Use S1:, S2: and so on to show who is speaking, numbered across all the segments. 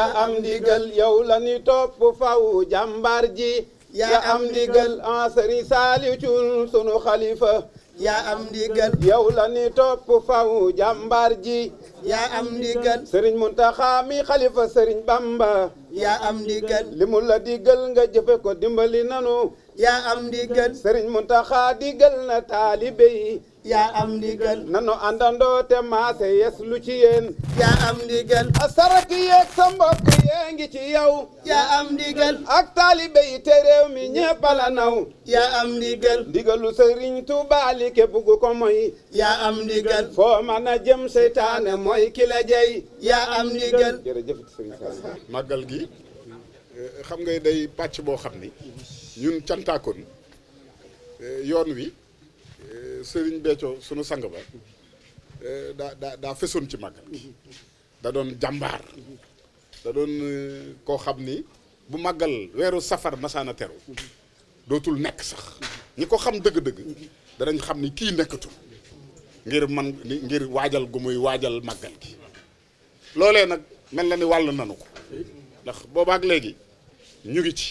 S1: yaa am ndigal yow la ni topp faw jàmbaar ji am ndigal en Serigne Saliou sunu xalifa yaa am ndigal yow la topp faw jàmbaar ji yaa am ndigal Serigne Mountakha mi xalifa Serigne Bamba yaa am ndigal li mu la digal nga jëfe ko dimbali nanu yaa am ndigal sëriñ Muntaxa digal na taalibe yaa am ndigal nanu àndandoo te maase yes lu ci yaa am ndigal asaraki yeeg sa mbokk yee ngi ci yow yaa am ndigal ak taalibe yi mi ñépp la yaa am ndigal ndigalu sëriñ Tuubaa li ke bugg ko moy yaa am ndigal foo mën a jëm seytaane mooy ki yaa am ndigal jërëjëf màggal gi euh, xam nga day pàcc boo xam ni ñun cantaakoon eh, yoon wi eh, Serigne Béthio sunu sang ba eh, daa da daa fesoon ci màggal da doon jàmbaar da doon koo xam ni bu màggal weeru safar masaana teru dootul nekk sax ñi ko xam dëgg-dëgg danañ xam ni kii nekkatul ngir man ngir waajal gu muy waajal màggal gi loolee nag mel na ni wàll nanu ko ndax boobaak léegi ñu ngi ci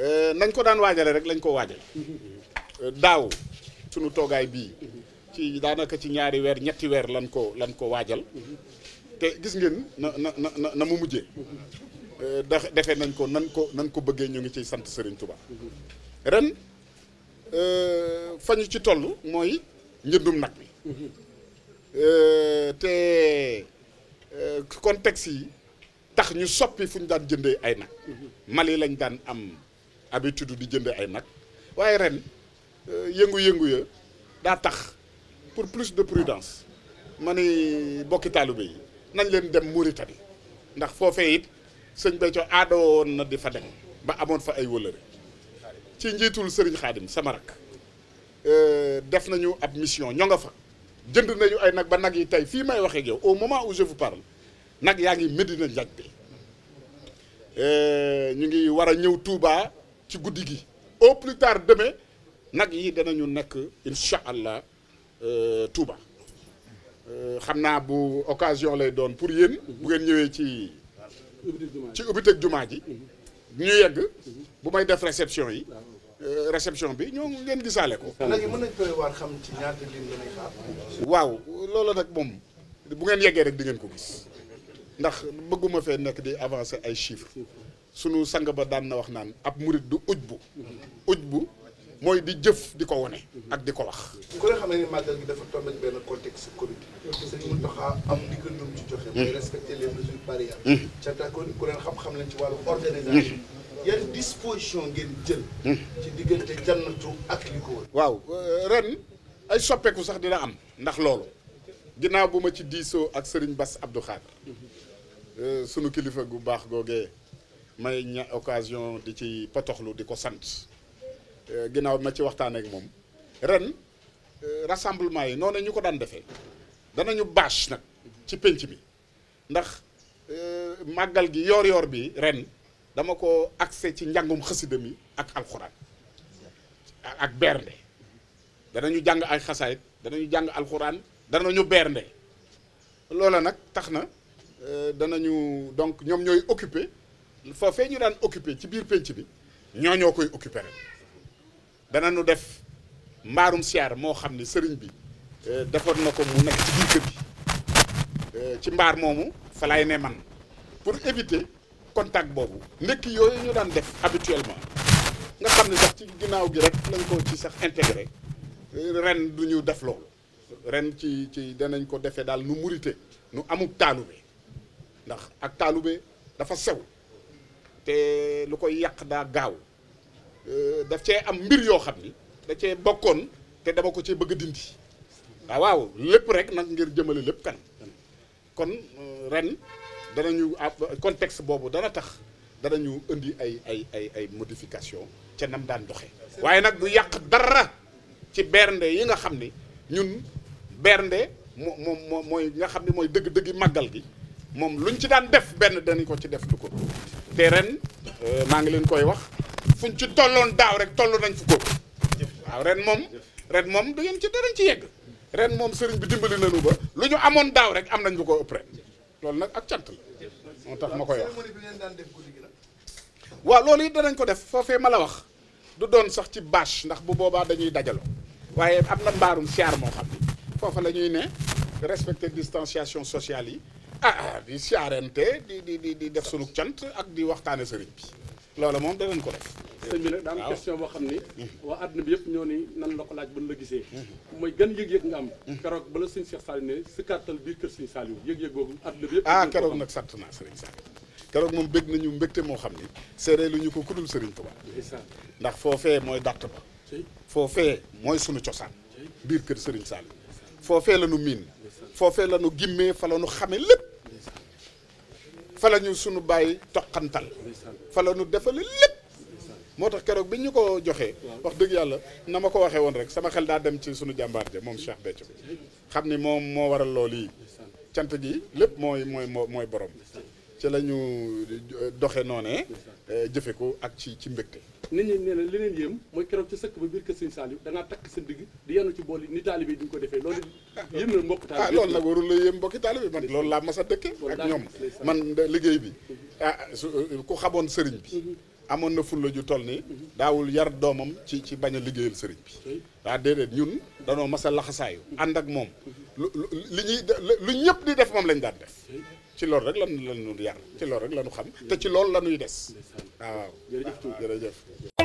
S1: Euh, nañ ko daan waajale rek lañ ko waajale mm-hmm. euh, daaw sunu toogaay bii ci daanaka ci ñaari weer ñetti weer lan ko lan ko waajal mm-hmm. te gis ngeen na na na mu mujje da mm-hmm. euh, defee nañ ko nan ko nan ko bëggee ñu ngi ciy sant Serigne Touba ren ñu ci toll mooy njëndum nag bi te contexte yi tax ñu soppi fu ñu daan jëndee ay nag yi lañ daan am habitude di jënd ay nag waaye ren euh, yëngu-yëngu ya daa tax pour plus de prudence ma ni bokki taalibe yi nañ leen dem Mauritanie ndax foofee it sëñ Béthio aada woon na di fa dem ba amoon fa ay wëlëre ci njiitul sëriñ Xaadim sama rak euh, def nañu ab mission ñoo nga fa jënd nañu ay nag ba nag yi tey fii may waxee ak yow au moment où je vous parle nag yaa ngi Medina Njaaj bi euh, ñu ngi war a ñëw tuubaa ci guddi gi au plus tard demain nag yi danañu nekk incha allah euh, Touba euh, xam naa bu occasion lay doon pour yéen bu ngeen ñëwee ci ci ubbiteg jumaa ji ñu yegg bu may def réception yi euh, réception bi ñoo ngeen gisaale ko. léegi mën nañ koy xam ci waaw loolu nag moom bu ngeen yeggee rek di ngeen ko gis ndax bëgguma fee nekk di avancer ay chiffres. sunu sang ba daan na wax naan ab murit du uj bu uj bu mooy di jëf di ko wone ak di ko wax. ku ne xam ne màggal gi dafa tombé benn contexte Covid. sëñ Mountakha am ndigal lu mu ci joxe. mooy hmm. respecter les mesures barrières. Hmm. ca d'accord ku leen xam-xam lañ ci wàllu organisation. Hmm. yan disposition ngeen jël. ci diggante jannatu ak li ko wër. waaw euh, ren ay soppeeku sax dina am ndax loolu ginnaaw bu ma ci diisoo ak Serigne Bass Abdou Khadre euh, sunu kilifa gu baax googee. may ña occasion di ci potoxlu di ko sant euh, ginnaaw ma ci waxtaan ak moom ren euh, rassemblement yi noonu ñu ko daan defee danañu bâche nag ci pénc bi ndax euh, màggal gi yoor-yoor bi ren dama ko accès ci njàngum xasida mi ak alxuraan ak bernde danañu jàng ay xasaayit danañu jàng alxuraan ñu bernde loola nag tax na danañu donc ñoom ñooy occupé foofee ñu daan occupé ci biir pénc bi ñoo ñoo koy occupé rek dana nu def mbaarum siyaar moo xam ne sëriñ bi euh, defoon na ko mu nekk ci biir kër gi euh, ci mbaar moomu fa ne man pour éviter contact boobu ndekki yooyu ñu daan def habituellement nga xam ne sax ci ginnaaw gi rek lañ ko ci sax intégré euh, ren du ñu def loolu ren ci ci danañ ko defee daal nu murite nu amuk taalube ndax ak taalube dafa sew te lu koy yàq daa gaaw euh, daf cee am mbir yoo xam ni da ce bokkoon te dama ko cee bëgg a dindi ah, waaw lépp rek nag ngir jëmale lépp kan kon euh, ren danañu contexte boobu dana tax danañu indi ay ay ay ay modification ce nam daan doxe waaye nag du yàq dara ci bernde yi nga xam ni ñun bernde moo moom mooy nga xam ni mooy dëgg-dëggi màggal gi moom luñ ci daan def benn danañ ko ci def du ko te ren euh, maa ngi leen koy wax fuñ ci tolloon daaw rek toll nañ fu ko waaw ren moom ren moom du ngeen ci darañ ci yegg ren moom sëriñ bi dimbali nañu ba lu ñu amoon daaw rek am nañ lu ko ëpp ren loolu nag ak cant la moo tax ma koy wax waaw loolu it danañ ko def foofee ma la wax du doon sax ci bâche ndax bu boobaa dañuy dajaloo waaye am na mbaarum siyaar moo xam ni foofa la ñuy ne respecter distanciation sociale yi Ah, ah di siyaarente di di di di def sunu cant ak di waxtaane sëriñ loola moom danañ ko def. bi nag daa am question boo xam ni. Mhm. waa àdduna bi ñoo ni nan la ko laaj mhm. mhm. ba la gisee. mooy gan am. keroog bala sëñ Cheikh Saliou ne si kàttal biir kër sëñ Saliou yëg-yëg bi yëpp. ah keroog nag sant naa sëriñ Saliou keroog moom bég nañu mbégte moo xam ni. séeréer lu ñu ko kudul sëriñ Tuubaa. ndax foofee mooy dàtt ba. foofee mooy sunu cosaan. biir kër sëriñ Saliou. foofee la nu miin. foofee la nu gimmee fa la nu xame lépp fa la ñu sunu bàyyi toqantal fa la ñu defale lépp moo tax keroog bi ñu ko joxee wax dëgg yàlla na ma ko waxee woon rek sama xel daa dem ci sunu jàmbaar ja moom Cheikh bi xam ni moom moo waral loolu yi cant ji lépp mooy mooy mooy borom ci la ñu eh, doxe noonee eh, jëfe ko ak ci ci mbégte nit ñi nee na li leen yéem mooy keroog ci sëkk ba biir kër sëñ Saliou da ngaa takk sa digg di yenu ci bool yi ni taalibe di ñu ko defee loolu yéem na mbokk taalibe ah loolu nag warul la yéem mbokki taalibe man loolu laa mas a dëkke ak ñoom man liggéey bi ah su eh, ku xamoon sëriñ bi mhm. amoon na fulla ju toll ni mhm. daawul yar doomam ci ci bañ a liggéeyal sëriñ bi waa ah, déedéet ñun danoo mas a laxasaayu mhm. ànd ak moom lu li ñuy lu ñëpp di def moom lañ daan def ci loolu rek lan lan ñu yar ci loolu rek la ñu xam te ci loolu la ñuy des waaw jërëjëf